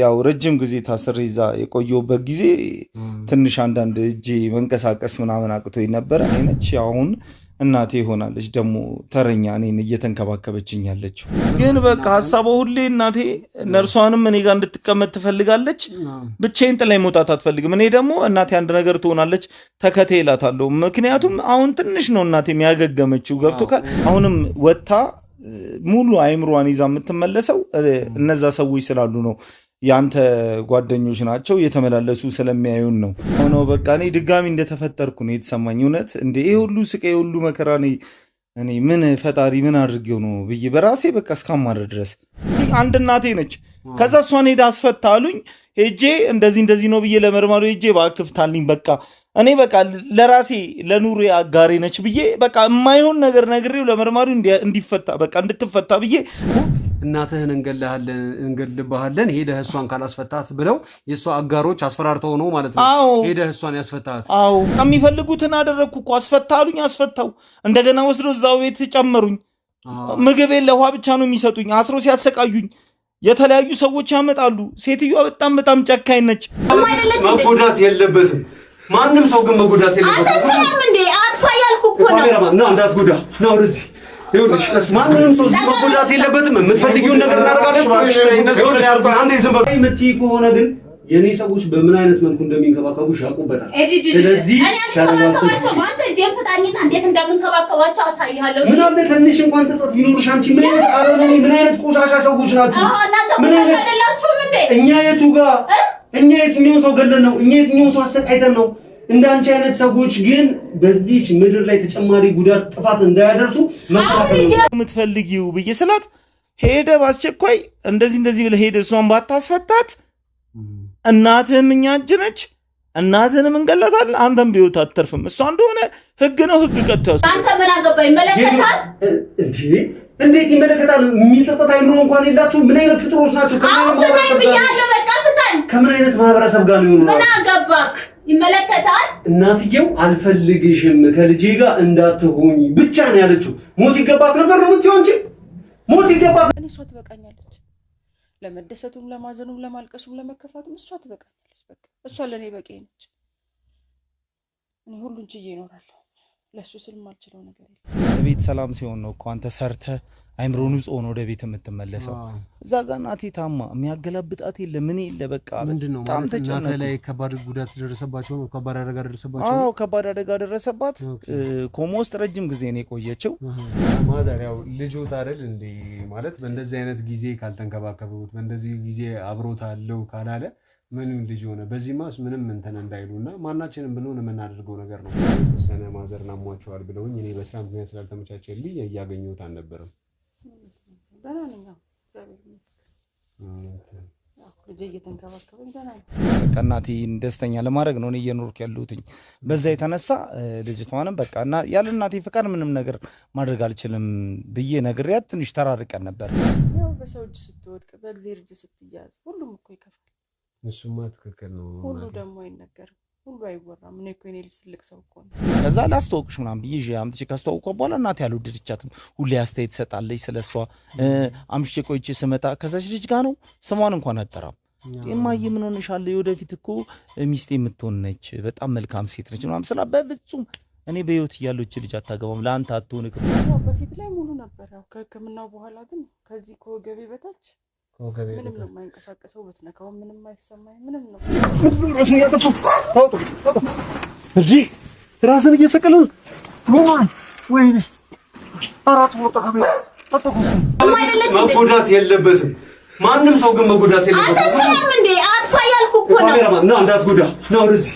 ያው ረጅም ጊዜ ታስሬ እዛ የቆየሁበት ጊዜ ትንሽ አንዳንድ እጄ መንቀሳቀስ ምናምን አቅቶ ነበረ። እኔ ነች አሁን እናቴ ይሆናለች ደግሞ ተረኛ እኔን እየተንከባከበችኝ ያለችው። ግን በቃ ሀሳቧ ሁሌ እናቴ ነርሷንም እኔ ጋር እንድትቀመጥ ትፈልጋለች። ብቻዬን ጥላኝ መውጣት አትፈልግም። እኔ ደግሞ እናቴ አንድ ነገር ትሆናለች ተከቴ እላታለሁ። ምክንያቱም አሁን ትንሽ ነው እናቴ የሚያገገመችው ገብቶ ካል አሁንም ወጥታ ሙሉ አይምሯን ይዛ የምትመለሰው እነዛ ሰዎች ስላሉ ነው የአንተ ጓደኞች ናቸው እየተመላለሱ ስለሚያዩን ነው ሆኖ በቃ እኔ ድጋሚ እንደተፈጠርኩ ነው የተሰማኝ። እውነት እንደ ይህ ሁሉ ስቃይ ሁሉ መከራ እኔ ምን ፈጣሪ ምን አድርጌው ነው ብዬ በራሴ በቃ እስካማረ ድረስ አንድ እናቴ ነች። ከዛ እሷን ሄዳ አስፈታ አሉኝ። ሄጄ እንደዚህ እንደዚህ ነው ብዬ ለመርማሩ ሄጄ በአክፍታልኝ በቃ እኔ በቃ ለራሴ ለኑሬ አጋሬ ነች ብዬ በቃ የማይሆን ነገር ነግሬው ለመርማሪው እንዲፈታ በቃ እንድትፈታ ብዬ እናትህን እንገልሃለን እንገልብሃለን ሄደህ እሷን ካላስፈታት ብለው የእሷ አጋሮች አስፈራርተው ነው ማለት ነው ሄደህ እሷን ያስፈታት። አዎ የሚፈልጉትን አደረግኩ እኮ አስፈታሉኝ፣ አስፈታው። እንደገና ወስዶ እዛው ቤት ጨመሩኝ። ምግብ የለ ውሃ ብቻ ነው የሚሰጡኝ። አስሮ ሲያሰቃዩኝ የተለያዩ ሰዎች ያመጣሉ። ሴትዮዋ በጣም በጣም ጨካኝ ነች። መጎዳት የለበትም ማንም ሰው ግን መጎዳት የለበትም። አንተ ሰማም እንዴ? አጥፋ ያልኩ እኮ ነው። ና እንዳትጎዳ፣ ና ወደዚህ ይኸውልሽ ማንንም ሰው እዚህ መጎዳት የለበትም። የምትፈልጊውን ነገር እናደርጋለን። አንድ ከሆነ ግን የኔ ሰዎች በምን አይነት መልኩ እንደሚንከባከቡ ያውቁበታል። ስለዚህ እንደምንከባከባቸው ምን አለ ትንሽ እንኳን ተጽት ቢኖርሽ አንቺ ምን አይነት ቆሻሻ ሰዎች ናቸው? እኛ የቱ ጋር እኛ የትኛውን ሰው ገለን ነው? እኛ የትኛውን ሰው አሰቃይተን ነው? እንዳንቺ አይነት ሰዎች ግን በዚች ምድር ላይ ተጨማሪ ጉዳት፣ ጥፋት እንዳያደርሱ የምትፈልጊው ብዬ ስላት ሄደ በአስቸኳይ እንደዚህ እንደዚህ ብለህ ሄደ እሷን ባታስፈታት እናትህም እኛ እጅ ነች። እናትህንም እንገላታለን። አንተም ቢሆን አትተርፍም። እሷ እንደሆነ ህግ ነው ህግ ቀጥቶ ያስ አንተ ምን አገባ ይመለከታል እንዴት ይመለከታል? የሚጸጸት አይምሮ እንኳን የላችሁ። ምን አይነት ፍጥሮች ናቸው? ከምን አይነት ማህበረሰብ ጋር ነው? ምን አገባክ? ይመለከታል። እናትየው አልፈልግሽም ከልጄ ጋር እንዳትሆኝ ብቻ ነው ያለችው። ሞት ይገባት ነበር ነው የምትይው አንቺ? ሞት ይገባት እሷ ትበቃኛለች። ለመደሰቱም፣ ለማዘኑም፣ ለማልቀሱም፣ ለመከፋቱም እሷ ትበቃኛለች። በቃ እሷ ለእኔ በቂ ነች። እኔ ሁሉን ችዬ ይኖራለሁ። ለእሱ ስል የማልችለው ነገር የለም። ቤት ሰላም ሲሆን ነው እኮ አንተ ሰርተህ አይምሮ ንጹህ ሆኖ ወደ ቤት የምትመለሰው እዛ ጋ እናቴ ታማ የሚያገላብጣት የለ ምን የለ በቃ በጣም ተጨናናት ላይ ከባድ ጉዳት ደረሰባቸው ነው ከባድ አደጋ ደረሰባቸው አዎ ከባድ አደጋ ደረሰባት ኮማ ውስጥ ረጅም ጊዜ ነው የቆየችው ማዘር ያው ልጆት አይደል እንዴ ማለት በእንደዚህ አይነት ጊዜ ካልተንከባከቡት በእንደዚህ ጊዜ አብሮት አለው ካላለ ምንም ልጅ ሆነ በዚህ ማስ ምንም እንትን እንዳይሉ እና ማናችንም ብንሆን የምናደርገው ነገር ነው የተወሰነ ማዘር ናሟቸዋል ብለውኝ እኔ በስራ ምክንያት ስላልተመቻቸልኝ እያገኘሁት አልነበረም ደህና ነኝ። እግዚአብሔር ይመስገን። ልጄ እየተንከባከበኝ ደህና ነኝ። ደስተኛ ለማድረግ ነው እኔ እየኖርኩ ያሉትኝ። በዛ የተነሳ ልጅቷንም በቃ እና ያለ እናቴ ፈቃድ ምንም ነገር ማድረግ አልችልም ብዬ ነግሬያት ትንሽ ተራርቀን ነበር። ያው በሰው እጅ ስትወድቅ፣ በእግዜር እጅ ስትያዝ ሁሉም እኮ ይከፋል። እሱማ ትክክል ነው። ሁሉ ደግሞ አይነገርም ሁሉ አይወራም። እኔ እኮ የኔ ልጅ ትልቅ ሰው እኮ ነው። ከዛ ላስተዋውቅሽ ምናምን ብዬ ይዤ አምጥቼ ካስተዋውቋ በኋላ እናቴ አልወደደቻትም። ሁሌ አስተያየት ትሰጣለች ስለ እሷ። አምሽቼ ቆይቼ ስመጣ ከዛች ልጅ ጋር ነው ስሟን እንኳን አጠራም። እማዬ ምን ሆነሻል? የወደፊት እኮ ሚስቴ የምትሆን ነች፣ በጣም መልካም ሴት ነች ምናምን ስላ በፍጹም እኔ በህይወት እያለች ልጅ አታገባም፣ ለአንተ አትሆን። በፊት ላይ ሙሉ ነበር፣ ከህክምናው በኋላ ግን ከዚህ ከወገቤ በታች ምንም ነው የማይንቀሳቀሰው። በትነካው ምንም አይሰማኝ። ምንም ነው ራስን እየሰቀለ መጎዳት የለበትም። ማንም ሰው ግን መጎዳት የለበትም። እንዳትጎዳ ና ወደዚህ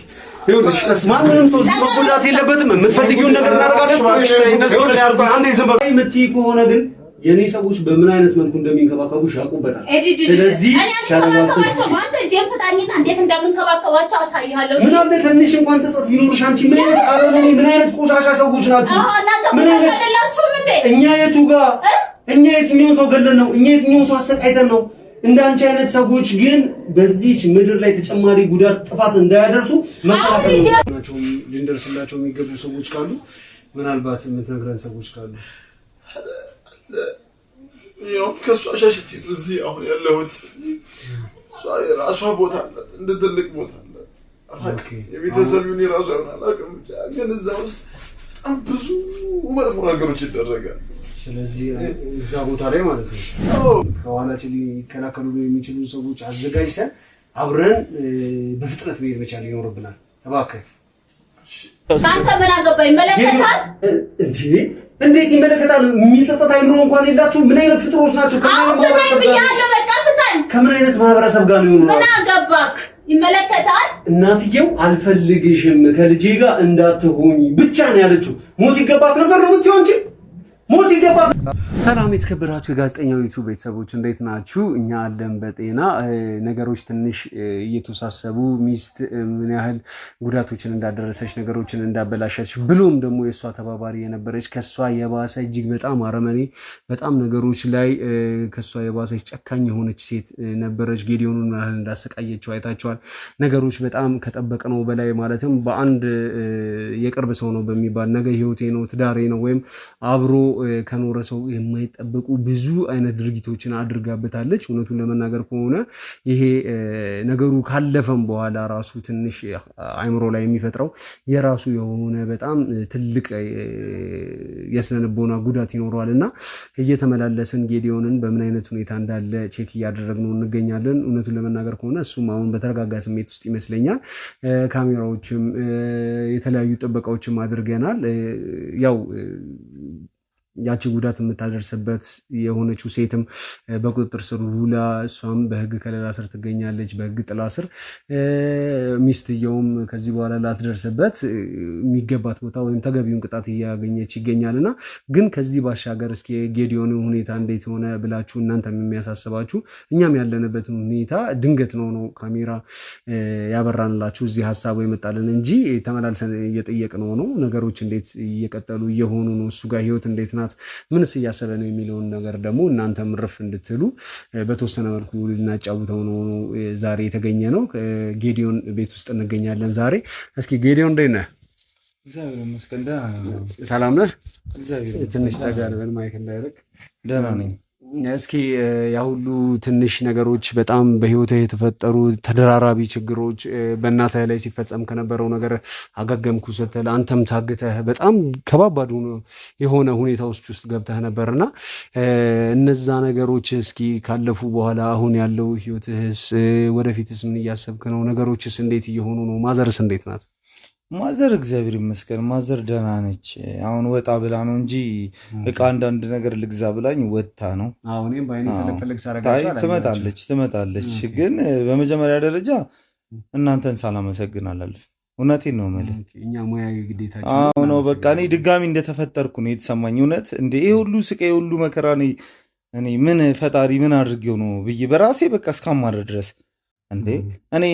ማንንም ሰው መጎዳት የለበትም። የምትፈልጊውን ነገር እናደርጋለን። አንዴ ዝም በቃ የምትይ ከሆነ ግን የኔ ሰዎች በምን አይነት መልኩ እንደሚንከባከቡ ያውቁበታል። ስለዚህ ሻረባቸው አንተ እጄን ፍታኝና እንዴት እንደምንከባከባቸው አሳይሃለሁ። ምን አለ ትንሽ እንኳን ተጽፍ ይኖርሽ። አንቺ ምን አይነት አረብ፣ ምን አይነት ቆሻሻ ሰዎች ናቸው። ምን አይነት እኛ የቱ ጋር እኛ የትኛውን ሰው ገለን ነው? እኛ የትኛውን ሰው አሰቃይተን ነው? እንደ አንቺ አይነት ሰዎች ግን በዚች ምድር ላይ ተጨማሪ ጉዳት፣ ጥፋት እንዳያደርሱ መከላከል ነው። ልንደርስላቸው የሚገቡ ሰዎች ካሉ ምናልባት የምትነግረን ሰዎች ካሉ ያው ከእሷ ሸሽቼ እዚህ አሁን ያለሁት እሷ የራሷ ቦታ አላት፣ እንደ ትልቅ ቦታ አላት። የቤተሰብን የራሷ ይሆናል አቅም ብቻ ግን እዛ ውስጥ በጣም ብዙ መጥፎ ነገሮች ይደረጋል። ስለዚህ እዛ ቦታ ላይ ማለት ነው ከኋላችን ሊከላከሉ የሚችሉ ሰዎች አዘጋጅተን አብረን በፍጥነት መሄድ መቻል ይኖርብናል። እባክህ አንተ ምን አገባኝ? ይመለከታል እንዴት ይመለከታል? የሚጸጸት አይምሮ እንኳን የላችሁ። ምን አይነት ፍጥሮች ናቸው? ከምን አይነት ማህበረሰብ ጋር ነው? ምን አገባክ? ይመለከታል። እናትየው አልፈልግሽም ከልጄ ጋር እንዳትሆኝ ብቻ ነው ያለችው። ሞት ይገባት ነበር ነው የምትይው አንቺ ሞት ይገባ። ሰላም የተከበራችሁ የጋዜጠኛው ዩቱብ ቤተሰቦች እንዴት ናችሁ? እኛ አለን በጤና። ነገሮች ትንሽ እየተወሳሰቡ ሚስት ምን ያህል ጉዳቶችን እንዳደረሰች ነገሮችን እንዳበላሸች፣ ብሎም ደግሞ የእሷ ተባባሪ የነበረች ከእሷ የባሰ እጅግ በጣም አረመኔ፣ በጣም ነገሮች ላይ ከእሷ የባሰች ጨካኝ የሆነች ሴት ነበረች። ጌዲዮኑን ምን ያህል እንዳሰቃየችው አይታችኋል። ነገሮች በጣም ከጠበቅነው በላይ ማለትም በአንድ የቅርብ ሰው ነው በሚባል ነገ ህይወቴ ነው ትዳሬ ነው ወይም አብሮ ከኖረ ሰው የማይጠበቁ ብዙ አይነት ድርጊቶችን አድርጋበታለች። እውነቱን ለመናገር ከሆነ ይሄ ነገሩ ካለፈም በኋላ ራሱ ትንሽ አይምሮ ላይ የሚፈጥረው የራሱ የሆነ በጣም ትልቅ የስነልቦና ጉዳት ይኖረዋል እና እየተመላለስን ጌዲዮንን በምን አይነት ሁኔታ እንዳለ ቼክ እያደረግነው እንገኛለን። እውነቱን ለመናገር ከሆነ እሱም አሁን በተረጋጋ ስሜት ውስጥ ይመስለኛል። ካሜራዎችም የተለያዩ ጥበቃዎችም አድርገናል ያው ያቺ ጉዳት የምታደርስበት የሆነችው ሴትም በቁጥጥር ስር ውላ እሷም በህግ ከለላ ስር ትገኛለች። በህግ ጥላ ስር ሚስትየውም ከዚህ በኋላ ላትደርስበት የሚገባት ቦታ ወይም ተገቢውን ቅጣት እያገኘች ይገኛል እና ግን ከዚህ ባሻገር እስኪ ጌዲዮን ሁኔታ እንዴት ሆነ ብላችሁ እናንተም የሚያሳስባችሁ እኛም ያለንበትን ሁኔታ ድንገት ነው ነው ካሜራ ያበራንላችሁ እዚህ ሀሳቡ የመጣልን እንጂ ተመላልሰን እየጠየቅ ነው ነው ነገሮች እንዴት እየቀጠሉ እየሆኑ ነው እሱ ጋር ህይወት እንዴት ናት ህጻናት ምንስ እያሰበ ነው የሚለውን ነገር ደግሞ እናንተ ምርፍ እንድትሉ በተወሰነ መልኩ ልናጫውተው ነው ዛሬ የተገኘ ነው። ጌዲዮን ቤት ውስጥ እንገኛለን ዛሬ። እስኪ ጌዲዮን እንዴት ነህ? ሰላም ነህ? ትንሽ ጠጋ ልበል ማይክ እንዳይርቅ። ደህና ነኝ። እስኪ ያሁሉ ትንሽ ነገሮች በጣም በህይወት የተፈጠሩ ተደራራቢ ችግሮች በእናተ ላይ ሲፈጸም ከነበረው ነገር አገገምኩ ስትል አንተም ታግተህ በጣም ከባባዱ የሆነ ሁኔታ ውስጥ ውስጥ ገብተህ ነበር እና እነዛ ነገሮች እስኪ ካለፉ በኋላ አሁን ያለው ህይወትህስ፣ ወደፊትስ ምን እያሰብክ ነው? ነገሮችስ እንዴት እየሆኑ ነው? ማዘርስ እንዴት ናት? ማዘር እግዚአብሔር ይመስገን ማዘር ደህና ነች። አሁን ወጣ ብላ ነው እንጂ እቃ አንዳንድ ነገር ልግዛ ብላኝ ወጥታ ነው። ትመጣለች ትመጣለች። ግን በመጀመሪያ ደረጃ እናንተን ሳላመሰግን አላልፍ። እውነቴን ነው የምልህ ነው። በቃ እኔ ድጋሚ እንደተፈጠርኩ ነው የተሰማኝ። እውነት እንደ ይህ ሁሉ ስቃይ ሁሉ መከራ እኔ ምን ፈጣሪ ምን አድርጌው ነው ብዬ በራሴ በቃ እስካማረ ድረስ እንዴ እኔ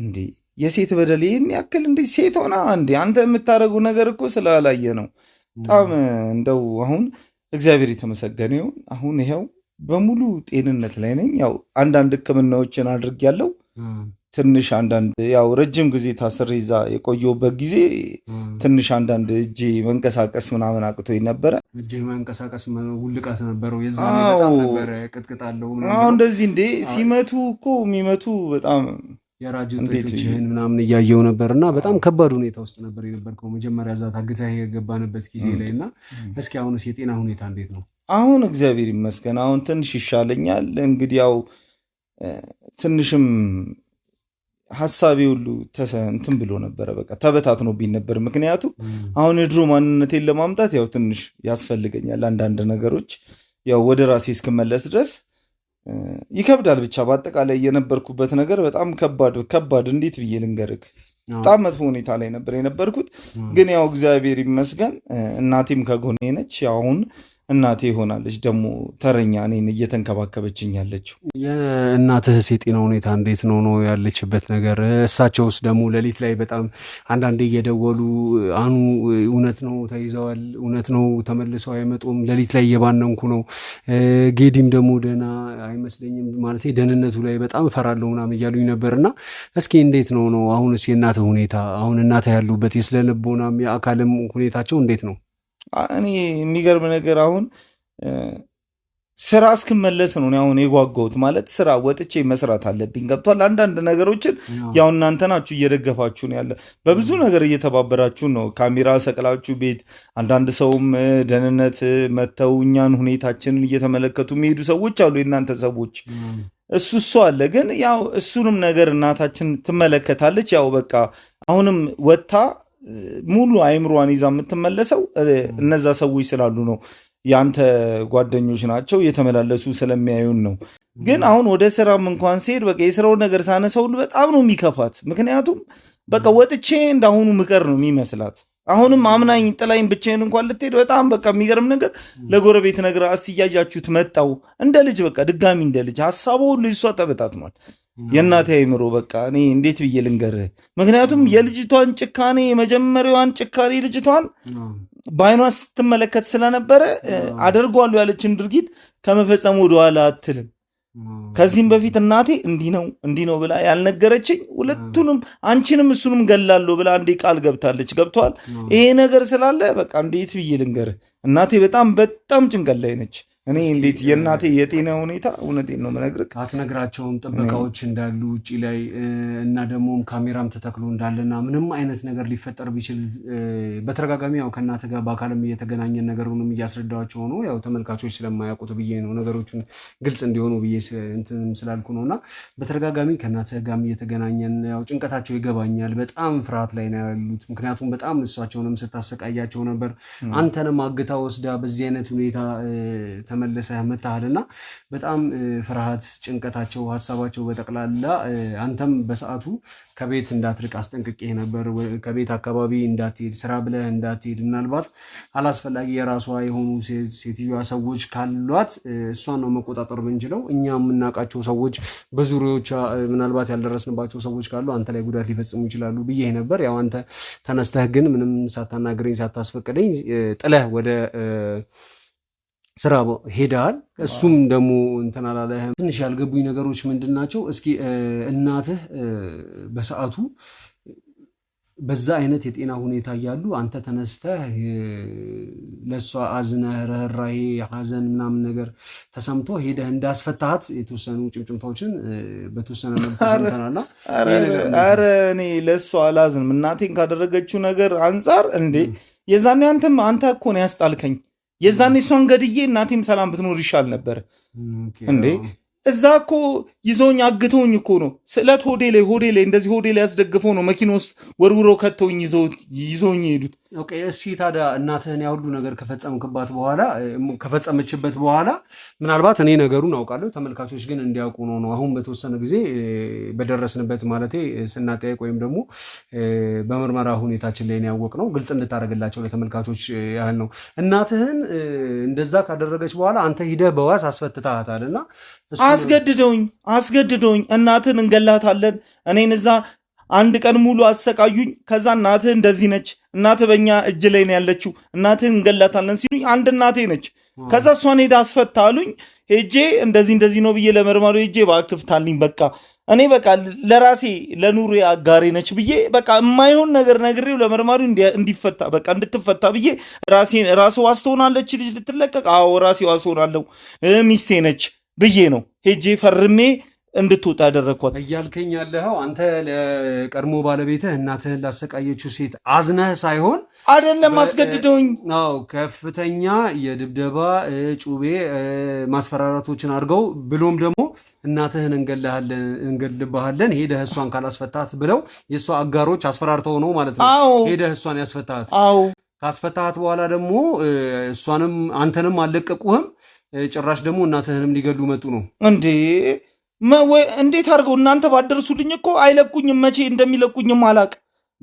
እንዴ የሴት በደል ይህን ያክል እንደ ሴት ሆና አንድ አንተ የምታደረጉ ነገር እኮ ስላላየ ነው። በጣም እንደው አሁን እግዚአብሔር የተመሰገነ ይሁን። አሁን ይኸው በሙሉ ጤንነት ላይ ነኝ። ያው አንዳንድ ሕክምናዎችን ያለው ትንሽ አንዳንድ ያው ረጅም ጊዜ ታስሬ እዛ የቆየሁበት ጊዜ ትንሽ አንዳንድ እጄ መንቀሳቀስ ምናምን አቅቶኝ ነበረ። እጄ መንቀሳቀስ ውልቃት ነበረው። የዛኔ ነበረ ቅጥቅጥ አለው እንደዚህ እንዴ ሲመቱ እኮ የሚመቱ በጣም የራጅ ውጤቶችህን ምናምን እያየው ነበር እና በጣም ከባድ ሁኔታ ውስጥ ነበር የነበርከው መጀመሪያ እዛ ታግተህ የገባንበት ጊዜ ላይ እና እስኪ አሁንስ የጤና ሁኔታ እንዴት ነው? አሁን እግዚአብሔር ይመስገን አሁን ትንሽ ይሻለኛል። እንግዲህ ያው ትንሽም ሀሳቤ ሁሉ እንትን ብሎ ነበረ፣ በቃ ተበታትኖብኝ ነበር። ምክንያቱም አሁን የድሮ ማንነቴን ለማምጣት ያው ትንሽ ያስፈልገኛል አንዳንድ ነገሮች ያው ወደ ራሴ እስክመለስ ድረስ ይከብዳል። ብቻ በአጠቃላይ የነበርኩበት ነገር በጣም ከባድ ከባድ፣ እንዴት ብዬ ልንገርግ በጣም መጥፎ ሁኔታ ላይ ነበር የነበርኩት። ግን ያው እግዚአብሔር ይመስገን እናቴም ከጎኔ ነች። አሁን እናቴ ይሆናለች ደግሞ ተረኛ እኔን እየተንከባከበችኝ ያለችው። የእናትህስ የጤና ሁኔታ እንዴት ነው ነው ያለችበት ነገር? እሳቸውስ ደግሞ ሌሊት ላይ በጣም አንዳንዴ እየደወሉ አኑ እውነት ነው ተይዘዋል፣ እውነት ነው ተመልሰው አይመጡም፣ ሌሊት ላይ እየባነንኩ ነው፣ ጌዲም ደግሞ ደህና አይመስለኝም ማለት ደህንነቱ ላይ በጣም እፈራለሁ ምናምን እያሉኝ ነበር። እና እስኪ እንዴት ነው ነው አሁንስ የእናትህ ሁኔታ አሁን እናትህ ያሉበት የስለልቦናም የአካልም ሁኔታቸው እንዴት ነው? እኔ የሚገርም ነገር አሁን ስራ እስክመለስ ነው አሁን የጓጓሁት። ማለት ስራ ወጥቼ መስራት አለብኝ። ገብቷል። አንዳንድ ነገሮችን ያው እናንተ ናችሁ እየደገፋችሁን ያለ በብዙ ነገር እየተባበራችሁን ነው። ካሜራ ሰቅላችሁ ቤት አንዳንድ ሰውም ደህንነት መተው እኛን ሁኔታችንን እየተመለከቱ የሚሄዱ ሰዎች አሉ። የእናንተ ሰዎች እሱ እሱ አለ። ግን ያው እሱንም ነገር እናታችን ትመለከታለች። ያው በቃ አሁንም ወጥታ ሙሉ አይምሯን ይዛ የምትመለሰው እነዛ ሰዎች ስላሉ ነው። የአንተ ጓደኞች ናቸው የተመላለሱ ስለሚያዩን ነው። ግን አሁን ወደ ስራም እንኳን ሲሄድ በቃ የስራውን ነገር ሳነሰውን በጣም ነው የሚከፋት። ምክንያቱም በቃ ወጥቼ እንዳሁኑ ምቀር ነው የሚመስላት። አሁንም አምናኝ ጥላይን ብቻዬን እንኳን ልትሄድ በጣም በቃ የሚገርም ነገር ለጎረቤት ነገር አስያያችሁት መጣው እንደ ልጅ በቃ ድጋሚ እንደ ልጅ ሀሳቡ ሁሉ እሷ ተበታትኗል። የእናቴ አይምሮ በቃ እኔ እንዴት ብዬ ልንገርህ? ምክንያቱም የልጅቷን ጭካኔ የመጀመሪያዋን ጭካኔ ልጅቷን በአይኗ ስትመለከት ስለነበረ አደርጓሉ ያለችን ድርጊት ከመፈጸሙ ወደኋላ አትልም። ከዚህም በፊት እናቴ እንዲህ ነው እንዲህ ነው ብላ ያልነገረችኝ ሁለቱንም አንቺንም እሱንም ገላለሁ ብላ እንዲ ቃል ገብታለች። ገብተዋል። ይሄ ነገር ስላለ በቃ እንዴት ብዬ ልንገርህ? እናቴ በጣም በጣም ጭንቀት ላይ ነች። እኔ እንዴት የእናቴ የጤና ሁኔታ እውነቴን ነው የምነግርህ። አትነግራቸውም ጥበቃዎች እንዳሉ ውጭ ላይ እና ደግሞም ካሜራም ተተክሎ እንዳለና ምንም አይነት ነገር ሊፈጠር ቢችል በተደጋጋሚ ያው ከእናተ ጋር በአካልም እየተገናኘን ነገሩንም እያስረዳቸው ነው። ያው ተመልካቾች ስለማያውቁት ብዬ ነው ነገሮቹን ግልጽ እንዲሆኑ ብዬ እንትንም ስላልኩ ነው። እና በተደጋጋሚ ከእናትህ ጋርም እየተገናኘን ያው ጭንቀታቸው ይገባኛል። በጣም ፍርሃት ላይ ነው ያሉት። ምክንያቱም በጣም እሷቸውንም ስታሰቃያቸው ነበር። አንተንም አግታ ወስዳ በዚህ አይነት ሁኔታ ተመልሰህ መታሃልና በጣም ፍርሃት፣ ጭንቀታቸው፣ ሀሳባቸው በጠቅላላ አንተም በሰዓቱ ከቤት እንዳትርቅ አስጠንቅቄ ነበር። ከቤት አካባቢ እንዳትሄድ፣ ስራ ብለህ እንዳትሄድ። ምናልባት አላስፈላጊ የራሷ የሆኑ ሴትዮዋ ሰዎች ካሏት እሷን ነው መቆጣጠር ምንችለው። እኛ የምናውቃቸው ሰዎች በዙሪያዎቿ ምናልባት ያልደረስንባቸው ሰዎች ካሉ አንተ ላይ ጉዳት ሊፈጽሙ ይችላሉ ብዬ ነበር። ያው አንተ ተነስተህ ግን ምንም ሳታናግረኝ ሳታስፈቅደኝ ጥለህ ወደ ስራ ሄደሃል። እሱም ደግሞ እንትን አላለህም። ትንሽ ያልገቡኝ ነገሮች ምንድን ናቸው? እስኪ እናትህ በሰዓቱ በዛ አይነት የጤና ሁኔታ እያሉ አንተ ተነስተህ ለእሷ አዝነህ ርኅራሄ ሀዘን ምናምን ነገር ተሰምቶ ሄደህ እንዳስፈታሃት የተወሰኑ ጭምጭምታዎችን በተወሰነ መልኩ እኔ ለእሷ አላዝንም እናቴን ካደረገችው ነገር አንጻር እንዴ የዛኔ አንተም አንተ እኮ ነው ያስጣልከኝ የዛኔ እሷን ገድዬ እናቴም ሰላም ብትኖር ይሻል ነበር እንዴ። እዛ እኮ ይዞኝ አግተውኝ እኮ ነው ስዕለት ሆዴ ላይ ሆዴ ላይ እንደዚህ ሆዴ ላይ ያስደግፈው ነው መኪና ውስጥ ወርውሮ ከተውኝ ይዞኝ የሄዱት ኦኬ እሺ ታዲያ እናትህን ያሁሉ ነገር ከፈጸምክባት በኋላ ከፈጸመችበት በኋላ ምናልባት እኔ ነገሩን አውቃለሁ፣ ተመልካቾች ግን እንዲያውቁ ነው ነው አሁን በተወሰነ ጊዜ በደረስንበት ማለቴ ስናጠያቅ ወይም ደግሞ በምርመራ ሁኔታችን ላይ ያወቅ ነው ግልጽ እንድታደርግላቸው ለተመልካቾች ያህል ነው። እናትህን እንደዛ ካደረገች በኋላ አንተ ሂደህ በዋስ እና አስገድደውኝ አስገድደውኝ እናትን እንገላታለን እኔን እዛ አንድ ቀን ሙሉ አሰቃዩኝ። ከዛ እናትህ እንደዚህ ነች፣ እናትህ በእኛ እጅ ላይ ነው ያለችው፣ እናትህ እንገላታለን ሲሉኝ አንድ እናቴ ነች። ከዛ እሷን ሄዳ አስፈታ አሉኝ። ሄጄ እንደዚህ እንደዚህ ነው ብዬ ለመርማሪ ሄጄ ባክፍታልኝ በቃ እኔ በቃ ለራሴ ለኑሬ አጋሬ ነች ብዬ በቃ የማይሆን ነገር ነግሬው ለመርማሪ እንዲፈታ በቃ እንድትፈታ ብዬ ራሴ ዋስ ትሆናለች ልጅ ልትለቀቅ፣ አዎ ራሴ ዋስ ሆናለሁ ሚስቴ ነች ብዬ ነው ሄጄ ፈርሜ እንድትወጣ ያደረግኳት እያልከኝ ያለኸው አንተ ለቀድሞ ባለቤትህ እናትህን ላሰቃየችው ሴት አዝነህ ሳይሆን አይደለም፣ አስገድደውኝ። ው ከፍተኛ የድብደባ ጩቤ፣ ማስፈራራቶችን አድርገው ብሎም ደግሞ እናትህን እንገልባሃለን ሄደህ እሷን ካላስፈታት ብለው የእሷ አጋሮች አስፈራርተው ነው ማለት ነው። ሄደህ እሷን ያስፈታት። አዎ፣ ካስፈታት በኋላ ደግሞ እሷንም አንተንም አለቀቁህም፣ ጭራሽ ደግሞ እናትህንም ሊገሉ መጡ ነው እንዴ? እንዴት አድርገው እናንተ ባደርሱልኝ እኮ አይለቁኝም። መቼ እንደሚለቁኝም አላቅ።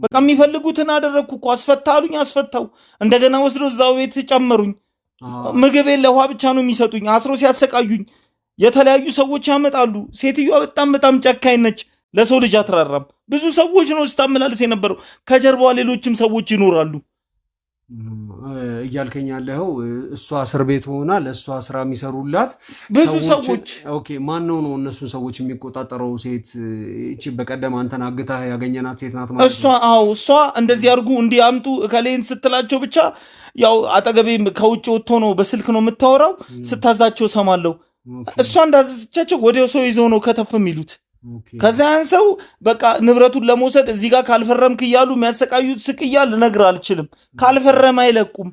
በቃ የሚፈልጉትን አደረግኩ እኮ አሉኝ አስፈታው። እንደገና ወስዶ እዛው ቤት ጨመሩኝ። ምግቤ ለውሃ ብቻ ነው የሚሰጡኝ። አስሮ ሲያሰቃዩኝ የተለያዩ ሰዎች ያመጣሉ። ሴትዮዋ በጣም በጣም ጨካኝ ነች። ለሰው ልጅ አትራራም። ብዙ ሰዎች ነው ስታመላልስ የነበረው። ከጀርባዋ ሌሎችም ሰዎች ይኖራሉ። እያልከኝ ያለኸው እሷ እስር ቤት ሆና ለእሷ ስራ የሚሰሩላት ብዙ ሰዎች ማን ነው ነው እነሱን ሰዎች የሚቆጣጠረው? ሴት እቺ በቀደም አንተን አግታ ያገኘናት ሴት ናት ማለት እሷ። አዎ እሷ እንደዚህ አድርጉ አምጡ እከሌን ስትላቸው ብቻ ያው አጠገቤ ከውጭ ወጥቶ ነው በስልክ ነው የምታወራው። ስታዛቸው ሰማለሁ። እሷ እንዳዘዘቻቸው ወዲያው ሰው ይዘው ነው ከተፍ የሚሉት ከዚያን ሰው በቃ ንብረቱን ለመውሰድ እዚህ ጋር ካልፈረምክ እያሉ የሚያሰቃዩት ስቅያ ልነግር አልችልም። ካልፈረም አይለቁም።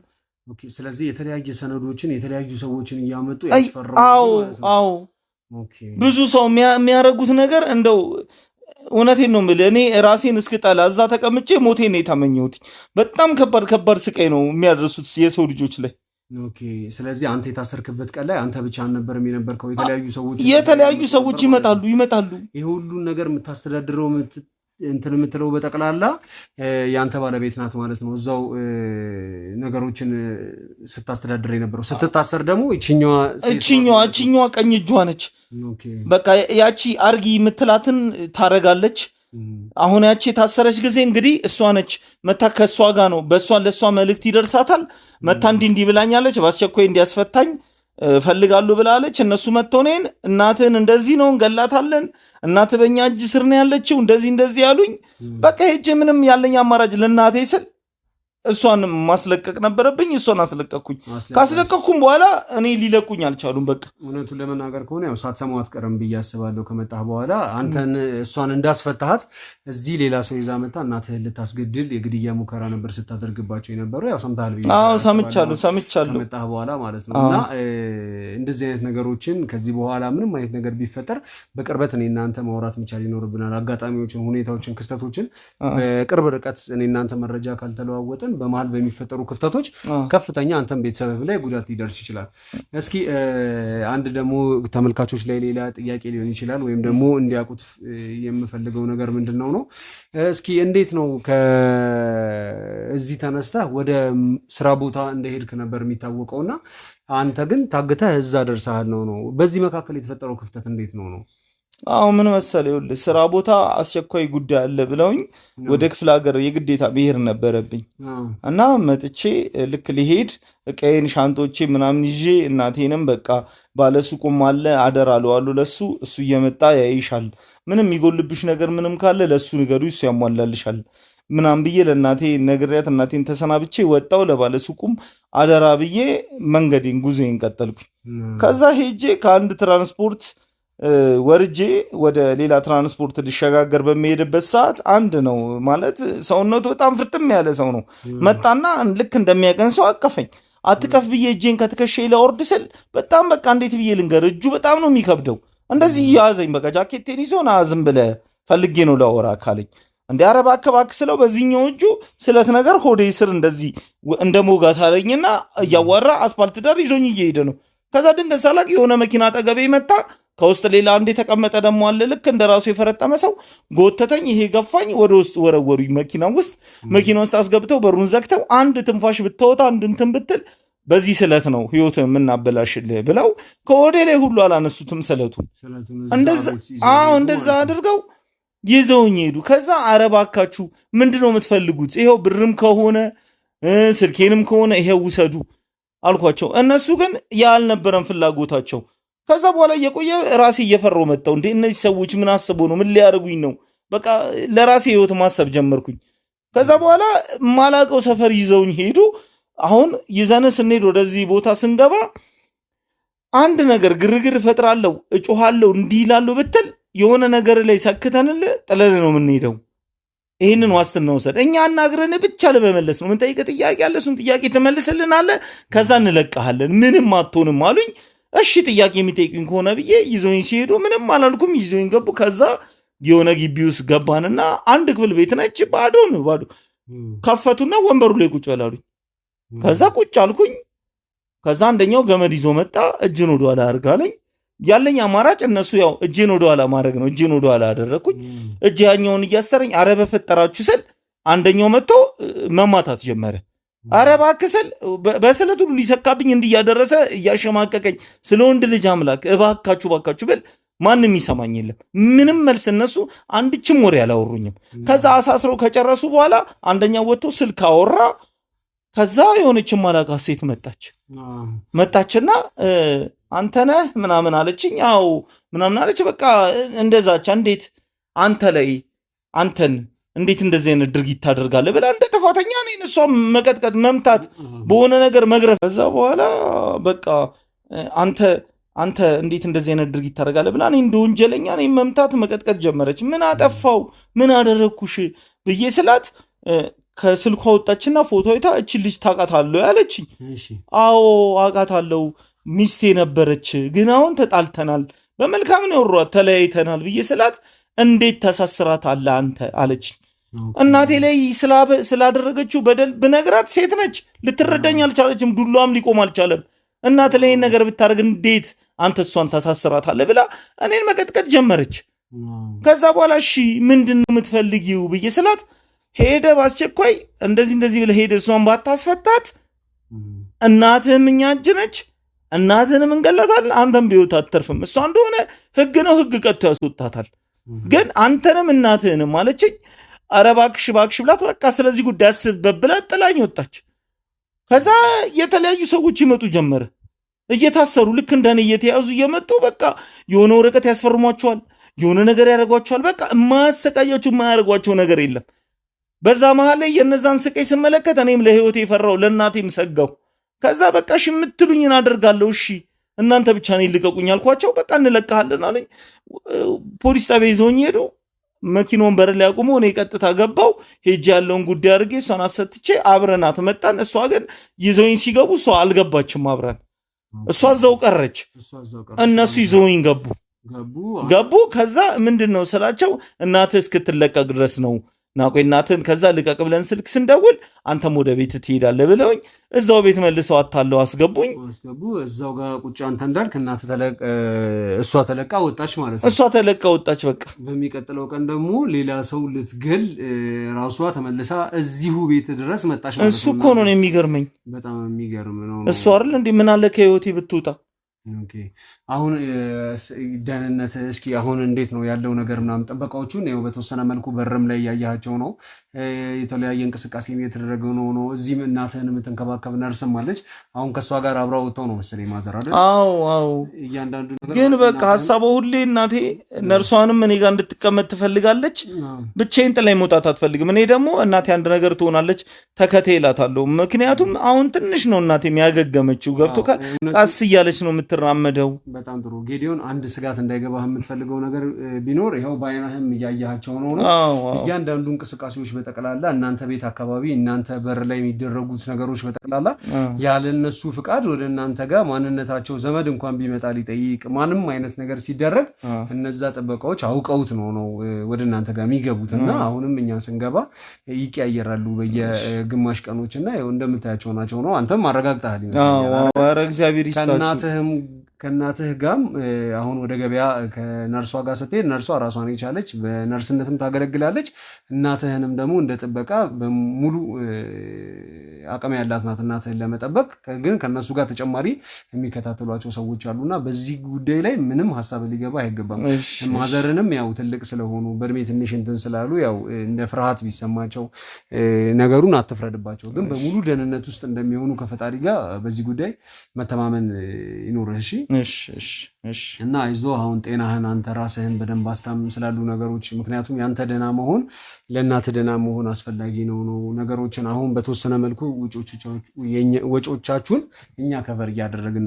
ስለዚህ የተለያየ ሰነዶችን የተለያዩ ሰዎችን እያመጡ ያስፈራው። አዎ ብዙ ሰው የሚያደርጉት ነገር እንደው እውነቴን ነው የምልህ፣ እኔ ራሴን እስክጠላ እዛ ተቀምጬ ሞቴን ነው የተመኘሁት። በጣም ከባድ ከባድ ስቃይ ነው የሚያደርሱት የሰው ልጆች ላይ። ኦኬ ስለዚህ አንተ የታሰርክበት ቀን ላይ አንተ ብቻ አልነበረም የነበርከው። የተለያዩ ሰዎች የተለያዩ ሰዎች ይመጣሉ ይመጣሉ። ይህ ሁሉን ነገር የምታስተዳድረው እንትን የምትለው በጠቅላላ የአንተ ባለቤት ናት ማለት ነው። እዛው ነገሮችን ስታስተዳድር የነበረው ስትታሰር ደግሞ እችኛዋ እችኛዋ እችኛዋ ቀኝ እጇ ነች። በቃ ያቺ አርጊ የምትላትን ታረጋለች። አሁን ያቺ የታሰረች ጊዜ እንግዲህ እሷ ነች መታ ከእሷ ጋር ነው በእሷ ለእሷ መልእክት ይደርሳታል። መታ እንዲህ እንዲህ ብላኛለች፣ በአስቸኳይ እንዲያስፈታኝ ፈልጋሉ ብላለች። እነሱ መጥቶኔን እናትህን እንደዚህ ነው እንገላታለን፣ እናት በእኛ እጅ ስር ነው ያለችው፣ እንደዚህ እንደዚህ ያሉኝ። በቃ ሄጄ ምንም ያለኝ አማራጭ ለእናቴ ስል እሷን ማስለቀቅ ነበረብኝ። እሷን አስለቀቅኩኝ። ካስለቀቅኩም በኋላ እኔ ሊለቁኝ አልቻሉም። በቃ እውነቱን ለመናገር ከሆነ ያው ሳትሰማው አትቀርም ብዬ አስባለሁ። ከመጣህ በኋላ አንተን እሷን እንዳስፈታሃት እዚህ ሌላ ሰው ይዛ መታ እናትህን ልታስገድል የግድያ ሙከራ ነበር ስታደርግባቸው የነበረው። ያው ሰምተሃል ብዬ ሰምቻለሁ፣ ሰምቻለሁ ከመጣህ በኋላ ማለት ነው። እና እንደዚህ አይነት ነገሮችን ከዚህ በኋላ ምንም አይነት ነገር ቢፈጠር በቅርበት እኔ እናንተ ማውራት መቻል ይኖርብናል። አጋጣሚዎችን፣ ሁኔታዎችን፣ ክስተቶችን በቅርብ ርቀት እኔ እናንተ መረጃ ካልተለዋወጥን ግን በመሀል በሚፈጠሩ ክፍተቶች ከፍተኛ አንተም ቤተሰብ ላይ ጉዳት ሊደርስ ይችላል። እስኪ አንድ ደግሞ ተመልካቾች ላይ ሌላ ጥያቄ ሊሆን ይችላል ወይም ደግሞ እንዲያውቁት የምፈልገው ነገር ምንድን ነው ነው እስኪ እንዴት ነው ከእዚህ ተነስተህ ወደ ስራ ቦታ እንደሄድክ ነበር የሚታወቀውና አንተ ግን ታግተህ እዛ ደርሰሃል ነው ነው። በዚህ መካከል የተፈጠረው ክፍተት እንዴት ነው ነው? አዎ ምን መሰለ ይሁል ስራ ቦታ አስቸኳይ ጉዳይ አለ ብለውኝ ወደ ክፍለ ሀገር የግዴታ ብሄር ነበረብኝ እና መጥቼ ልክ ሊሄድ እቃዬን ሻንጦቼ ምናምን ይዤ እናቴንም በቃ ባለሱቁም አለ አደራ አለዋሉ ለሱ እሱ እየመጣ ያይሻል፣ ምንም የሚጎልብሽ ነገር ምንም ካለ ለሱ ንገዱ፣ እሱ ያሟላልሻል ምናም ብዬ ለእናቴ ነግሬያት እናቴን ተሰናብቼ ወጣው ለባለሱቁም አደራ ብዬ መንገዴን ጉዞዬን ቀጠልኩኝ። ከዛ ሄጄ ከአንድ ትራንስፖርት ወርጄ ወደ ሌላ ትራንስፖርት ሊሸጋገር በሚሄድበት ሰዓት አንድ ነው ማለት ሰውነቱ በጣም ፍርጥም ያለ ሰው ነው። መጣና ልክ እንደሚያቀን ሰው አቀፈኝ። አትቀፍ ብዬ እጄን ከትከሻ ለወርድ ስል በጣም በቃ እንዴት ብዬ ልንገር፣ እጁ በጣም ነው የሚከብደው። እንደዚህ ያዘኝ። በቃ ጃኬቴን ይዞ ና ብለ ፈልጌ ነው ላወራ አካለኝ። እንደ አረብ አከባክ ስለው በዚህኛው እጁ ስለት ነገር ሆዴ ስር እንደዚህ እንደ ሞጋት አለኝና እያዋራ አስፓልት ዳር ይዞኝ እየሄደ ነው። ከዛ ድንገት ሳላቅ የሆነ መኪና አጠገቤ መጣ ከውስጥ ሌላ አንድ የተቀመጠ ደግሞ አለ። ልክ እንደ ራሱ የፈረጠመ ሰው ጎተተኝ፣ ይሄ ገፋኝ፣ ወደ ውስጥ ወረወሩ መኪና ውስጥ። መኪና ውስጥ አስገብተው በሩን ዘግተው አንድ ትንፋሽ ብትወጣ አንድ እንትን ብትል በዚህ ስለት ነው ህይወት የምናበላሽልህ ብለው ከወደ ላይ ሁሉ አላነሱትም ስለቱ። አዎ እንደዛ አድርገው ይዘውኝ ሄዱ። ከዛ አረባካችሁ ምንድነው የምትፈልጉት? ይኸው ብርም ከሆነ ስልኬንም ከሆነ ይሄው ውሰዱ አልኳቸው። እነሱ ግን ያልነበረን ፍላጎታቸው ከዛ በኋላ እየቆየ ራሴ እየፈራው መጣው። እንዴ እነዚህ ሰዎች ምን አስበው ነው? ምን ሊያደርጉኝ ነው? በቃ ለራሴ ህይወት ማሰብ ጀመርኩኝ። ከዛ በኋላ ማላቀው ሰፈር ይዘውኝ ሄዱ። አሁን ይዘን ስንሄድ ወደዚህ ቦታ ስንገባ አንድ ነገር ግርግር እፈጥራለሁ፣ እጮኋለሁ፣ እንዲህ ብትል የሆነ ነገር ላይ ሰክተንል ጥለል ነው የምንሄደው። ይህንን ዋስትና ውሰድ። እኛ አናግረን ብቻ ለመመለስ ነው። ምንጠይቅ ጥያቄ አለ፣ እሱን ጥያቄ አለ፣ ከዛ እንለቀሃለን፣ ምንም አትሆንም አሉኝ። እሺ ጥያቄ የሚጠይቅኝ ከሆነ ብዬ ይዘውኝ ሲሄዱ ምንም አላልኩም። ይዘውኝ ገቡ። ከዛ የሆነ ግቢ ውስጥ ገባንና አንድ ክፍል ቤት ነች፣ ባዶ ነው ባዶ። ከፈቱና ወንበሩ ላይ ቁጭ በላሉኝ። ከዛ ቁጭ አልኩኝ። ከዛ አንደኛው ገመድ ይዞ መጣ። እጅን ወደኋላ አድርጋለኝ። ያለኝ አማራጭ እነሱ ያው እጅን ወደኋላ ማድረግ ነው። እጅን ወደኋላ አደረግኩኝ። እጅ ያኛውን እያሰረኝ አረ በፈጠራችሁ ስል አንደኛው መጥቶ መማታት ጀመረ። አረ እባክህ ስል በስለት ሁሉ ሊሰካብኝ እንዲህ እያደረሰ እያሸማቀቀኝ ስለ ወንድ ልጅ አምላክ እባካችሁ እባካችሁ ብል ማንም ይሰማኝ የለም። ምንም መልስ እነሱ አንድችም ወሬ አላወሩኝም። ከዛ አሳስረው ከጨረሱ በኋላ አንደኛው ወጥቶ ስልክ አወራ። ከዛ የሆነች ማላቃ ሴት መጣች መጣችና አንተነህ ምናምን አለችኝ። አዎ ምናምን አለች። በቃ እንደዛች እንዴት አንተ ላይ አንተን እንዴት እንደዚህ አይነት ድርጊት ታደርጋለህ ብላ እንደ ጥፋተኛ እኔን እሷ መቀጥቀጥ፣ መምታት፣ በሆነ ነገር መግረፍ። ከዛ በኋላ በቃ አንተ አንተ እንዴት እንደዚህ አይነት ድርጊት ታደርጋለህ ብላ እኔ እንደ ወንጀለኛ እኔ መምታት፣ መቀጥቀጥ ጀመረች። ምን አጠፋው ምን አደረግኩሽ ብዬ ስላት ከስልኳ ወጣችና ፎቶ አይታ እች ልጅ ታውቃታለሁ ያለችኝ። አዎ አውቃታለሁ ሚስቴ ነበረች፣ ግን አሁን ተጣልተናል፣ በመልካም ነው ተለያይተናል ብዬ ስላት እንዴት አለ አንተ አለችኝ። እናቴ ላይ ስላደረገችው በደል ብነግራት ሴት ነች፣ ልትረዳኝ አልቻለችም። ዱላም ሊቆም አልቻለም። እናት ላይ ነገር ብታደርግ እንዴት አንተ እሷን ታሳስራታለህ ብላ እኔን መቀጥቀጥ ጀመረች። ከዛ በኋላ እሺ ምንድን የምትፈልጊው ብዬ ስላት ሄደ በአስቸኳይ እንደዚህ እንደዚህ ብለህ ሄደ እሷን ባታስፈታት እናትህም እኛ እጅ ነች፣ እናትህንም እንገላታለን፣ አንተም በሕይወት አትተርፍም። እሷ እንደሆነ ህግ ነው፣ ህግ ቀጥቶ ያስወጣታል። ግን አንተንም እናትህንም አለችኝ። አረ እባክሽ እባክሽ ብላት በቃ ስለዚህ ጉዳይ አስብበት ጥላኝ ወጣች። ከዛ የተለያዩ ሰዎች ይመጡ ጀመረ እየታሰሩ ልክ እንደኔ እየተያዙ እየመጡ በቃ የሆነ ወረቀት ያስፈርሟቸዋል፣ የሆነ ነገር ያደርጓቸዋል። በቃ የማያሰቃያቸው የማያደርጓቸው ነገር የለም። በዛ መሀል ላይ የነዛን ስቃይ ስመለከት እኔም ለህይወቴ የፈራው ለእናቴም ሰጋው። ከዛ በቃ እሺ የምትሉኝን አደርጋለሁ፣ እሺ እናንተ ብቻ ነው ልቀቁኝ አልኳቸው። በቃ እንለቀሃለን አለኝ። ፖሊስ ጣቢያ ይዘውኝ ሄዱ። መኪናውን በር ላይ አቁሞ እኔ ቀጥታ ገባው ሄጅ ያለውን ጉዳይ አድርጌ እሷን አሰትቼ አብረናት መጣን። እሷ ግን ይዘውኝ ሲገቡ እሷ አልገባችም አብረን፣ እሷ እዛው ቀረች። እነሱ ይዘውኝ ገቡ ገቡ። ከዛ ምንድን ነው ስላቸው እናትህ እስክትለቀቅ ድረስ ነው ናቆ እናትን ከዛ ልቀቅ ብለን ስልክ ስንደውል አንተም ወደ ቤት ትሄዳለህ ብለውኝ እዛው ቤት መልሰው አታለው አስገቡኝ። እዛው ጋር ቁጭ አንተ እንዳልክ እሷ ተለቃ ወጣች ማለት ነው። እሷ ተለቃ ወጣች። በቃ በሚቀጥለው ቀን ደግሞ ሌላ ሰው ልትገል ራሷ ተመልሳ እዚሁ ቤት ድረስ መጣች ማለት ነው። እሱ እኮ ነው የሚገርመኝ። በጣም የሚገርም ነው እሱ አይደል እንዲህ ምን አለ ከህይወቴ ብትወጣ አሁን ደህንነት እስኪ አሁን እንዴት ነው ያለው ነገር ምናምን ጥበቃዎቹን ያው በተወሰነ መልኩ በርም ላይ እያያቸው ነው። የተለያየ እንቅስቃሴ የተደረገ ነው ነው እዚህም እናትህን የምትንከባከብ ነርስም አለች። አሁን ከእሷ ጋር አብራ ወጥተው ነው መሰለኝ ማዘር አይደል? አዎ አዎ። እያንዳንዱ ግን በቃ ሀሳቧ ሁሌ እናቴ ነርሷንም እኔ ጋር እንድትቀመጥ ትፈልጋለች። ብቻዬን ጥላኝ መውጣት አትፈልግም። እኔ ደግሞ እናቴ አንድ ነገር ትሆናለች ተከቴ እላታለሁ። ምክንያቱም አሁን ትንሽ ነው እናቴ የሚያገገመችው ገብቶ ቀስ እያለች ነው የምትራመደው። በጣም ጥሩ ጌዲዮን፣ አንድ ስጋት እንዳይገባህ የምትፈልገው ነገር ቢኖር ይኸው በአይናህም እያያቸው ነው ነው እያንዳንዱ እንቅስቃሴዎች በጠቅላላ እናንተ ቤት አካባቢ እናንተ በር ላይ የሚደረጉት ነገሮች በጠቅላላ ያለነሱ ፍቃድ ወደ እናንተ ጋር ማንነታቸው ዘመድ እንኳን ቢመጣ ሊጠይቅ ማንም አይነት ነገር ሲደረግ እነዛ ጥበቃዎች አውቀውት ነው ነው ወደ እናንተ ጋር የሚገቡት እና አሁንም እኛ ስንገባ ይቀያየራሉ በየግማሽ ቀኖች እና እንደምታያቸው ናቸው ነው አንተም አረጋግጠሃል ይመስለኛል። ኧረ እግዚአብሔር ይስጣችሁ። ከእናትህም and ከእናትህ ጋርም አሁን ወደ ገበያ ከነርሷ ጋር ስትሄድ ነርሷ ራሷን የቻለች በነርስነትም ታገለግላለች። እናትህንም ደግሞ እንደ ጥበቃ በሙሉ አቅም ያላት ናት እናትህን ለመጠበቅ። ግን ከእነሱ ጋር ተጨማሪ የሚከታተሏቸው ሰዎች አሉና በዚህ ጉዳይ ላይ ምንም ሀሳብ ሊገባ አይገባም። ማዘርንም ያው ትልቅ ስለሆኑ በእድሜ ትንሽ እንትን ስላሉ ያው እንደ ፍርሃት ቢሰማቸው ነገሩን አትፍረድባቸው። ግን በሙሉ ደህንነት ውስጥ እንደሚሆኑ ከፈጣሪ ጋር በዚህ ጉዳይ መተማመን ይኖርህ እና ይዞ አሁን ጤናህን አንተ ራስህን በደንብ አስታም ስላሉ ነገሮች ምክንያቱም ያንተ ደህና መሆን ለእናተ ደህና መሆን አስፈላጊ ነው ነው ነገሮችን አሁን በተወሰነ መልኩ ወጮቻችሁን እኛ ከበር እያደረግን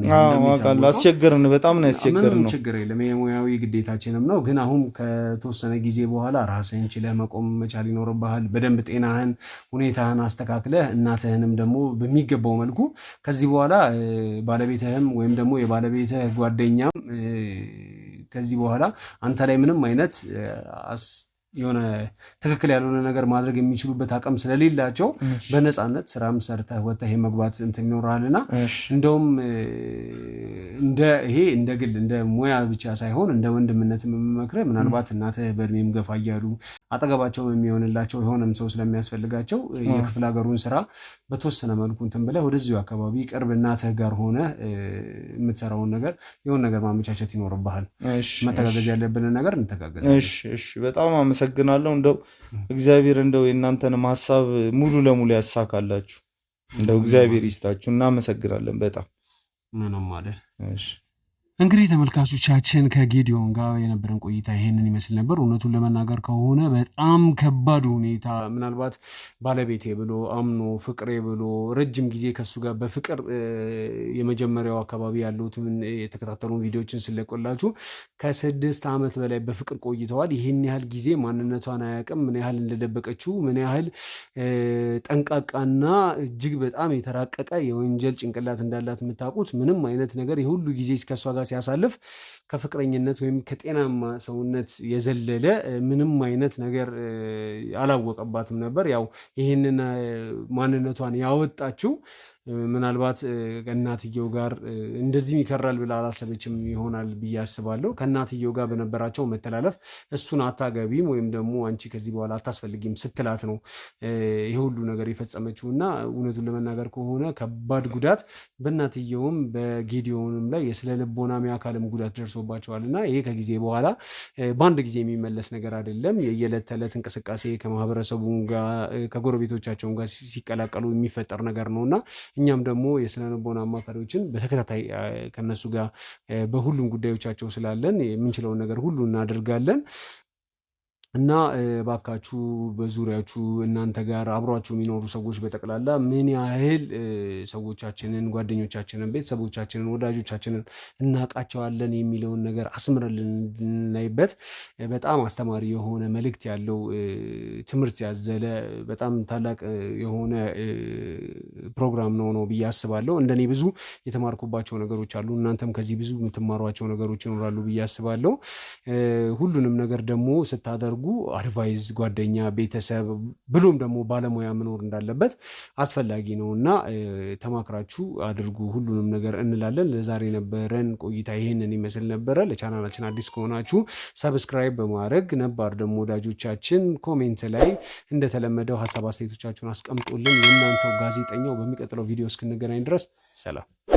አስቸገርን። በጣም ነው ያስቸገርን። ነው ችግር የለም የሙያዊ ግዴታችንም ነው። ግን አሁን ከተወሰነ ጊዜ በኋላ ራስህን ችለህ መቆም መቻል ይኖርብሃል። በደንብ ጤናህን ሁኔታህን አስተካክለህ እናትህንም ደግሞ በሚገባው መልኩ ከዚህ በኋላ ባለቤትህም ወይም ደግሞ የባለቤት ጓደኛም ከዚህ በኋላ አንተ ላይ ምንም አይነት የሆነ ትክክል ያልሆነ ነገር ማድረግ የሚችሉበት አቅም ስለሌላቸው በነፃነት ስራም ሰርተህ ወጥተህ የመግባት እንትን ይኖርሃልና እንደውም እንደ ይሄ እንደ ግል እንደ ሙያ ብቻ ሳይሆን እንደ ወንድምነት የምመክርህ ምናልባት እናትህ በእድሜም ገፋ እያሉ አጠገባቸው የሚሆንላቸው የሆነም ሰው ስለሚያስፈልጋቸው የክፍለ ሀገሩን ስራ በተወሰነ መልኩ እንትን ብለህ ወደዚሁ አካባቢ ቅርብ እናትህ ጋር ሆነ የምትሰራውን ነገር የሆን ነገር ማመቻቸት ይኖርብሃል። መተጋገዝ ያለብንን ነገር እንተጋገዝ። በጣም አመሰግናለሁ። እንደው እግዚአብሔር እንደው የእናንተንም ሀሳብ ሙሉ ለሙሉ ያሳካላችሁ። እንደው እግዚአብሔር ይስጣችሁ። እናመሰግናለን በጣም ምንም እንግዲህ ተመልካቾቻችን ከጌዲዮን ጋር የነበረን ቆይታ ይሄንን ይመስል ነበር። እውነቱን ለመናገር ከሆነ በጣም ከባድ ሁኔታ ምናልባት ባለቤቴ ብሎ አምኖ ፍቅሬ ብሎ ረጅም ጊዜ ከሱ ጋር በፍቅር የመጀመሪያው አካባቢ ያሉትን የተከታተሉን ቪዲዮችን ስለቆላችሁ ከስድስት ዓመት በላይ በፍቅር ቆይተዋል። ይህን ያህል ጊዜ ማንነቷን አያውቅም፣ ምን ያህል እንደደበቀችው፣ ምን ያህል ጠንቃቃና እጅግ በጣም የተራቀቀ የወንጀል ጭንቅላት እንዳላት የምታውቁት ምንም አይነት ነገር የሁሉ ጊዜ እስከሷ ጋር ሲያሳልፍ ከፍቅረኝነት ወይም ከጤናማ ሰውነት የዘለለ ምንም አይነት ነገር አላወቀባትም ነበር። ያው ይህንን ማንነቷን ያወጣችው ምናልባት ከእናትየው ጋር እንደዚህም ይከራል ብላ አላሰበችም ይሆናል ብዬ አስባለሁ። ከእናትየው ጋር በነበራቸው መተላለፍ እሱን አታገቢም ወይም ደግሞ አንቺ ከዚህ በኋላ አታስፈልጊም ስትላት ነው ይህ ሁሉ ነገር የፈጸመችው እና እውነቱን ለመናገር ከሆነ ከባድ ጉዳት በእናትየውም በጌዲዮንም ላይ የስነ ልቦናም የአካልም ጉዳት ደርሶባቸዋል እና ይሄ ከጊዜ በኋላ በአንድ ጊዜ የሚመለስ ነገር አይደለም። የየዕለት ተዕለት እንቅስቃሴ ከማህበረሰቡ ጋር ጋር ሲቀላቀሉ የሚፈጠር ነገር ነው እና እኛም ደግሞ የስነ ልቦና አማካሪዎችን በተከታታይ ከነሱ ጋር በሁሉም ጉዳዮቻቸው ስላለን የምንችለውን ነገር ሁሉ እናደርጋለን። እና ባካችሁ በዙሪያችሁ እናንተ ጋር አብሯችሁ የሚኖሩ ሰዎች በጠቅላላ ምን ያህል ሰዎቻችንን፣ ጓደኞቻችንን፣ ቤተሰቦቻችንን፣ ወዳጆቻችንን እናውቃቸዋለን የሚለውን ነገር አስምረልን እንድናይበት በጣም አስተማሪ የሆነ መልእክት ያለው ትምህርት ያዘለ በጣም ታላቅ የሆነ ፕሮግራም ነው ነው ብዬ አስባለሁ። እንደኔ ብዙ የተማርኩባቸው ነገሮች አሉ። እናንተም ከዚህ ብዙ የምትማሯቸው ነገሮች ይኖራሉ ብዬ አስባለሁ። ሁሉንም ነገር ደግሞ ስታደርጉ እንዲረጋጉ አድቫይዝ፣ ጓደኛ፣ ቤተሰብ ብሎም ደግሞ ባለሙያ መኖር እንዳለበት አስፈላጊ ነው እና ተማክራችሁ አድርጉ ሁሉንም ነገር እንላለን። ለዛሬ ነበረን ቆይታ ይህንን ይመስል ነበረ። ለቻናላችን አዲስ ከሆናችሁ ሰብስክራይብ በማድረግ ነባር ደግሞ ወዳጆቻችን ኮሜንት ላይ እንደተለመደው ሀሳብ አስተያየቶቻችሁን አስቀምጦልን የእናንተው ጋዜጠኛው በሚቀጥለው ቪዲዮ እስክንገናኝ ድረስ ሰላም።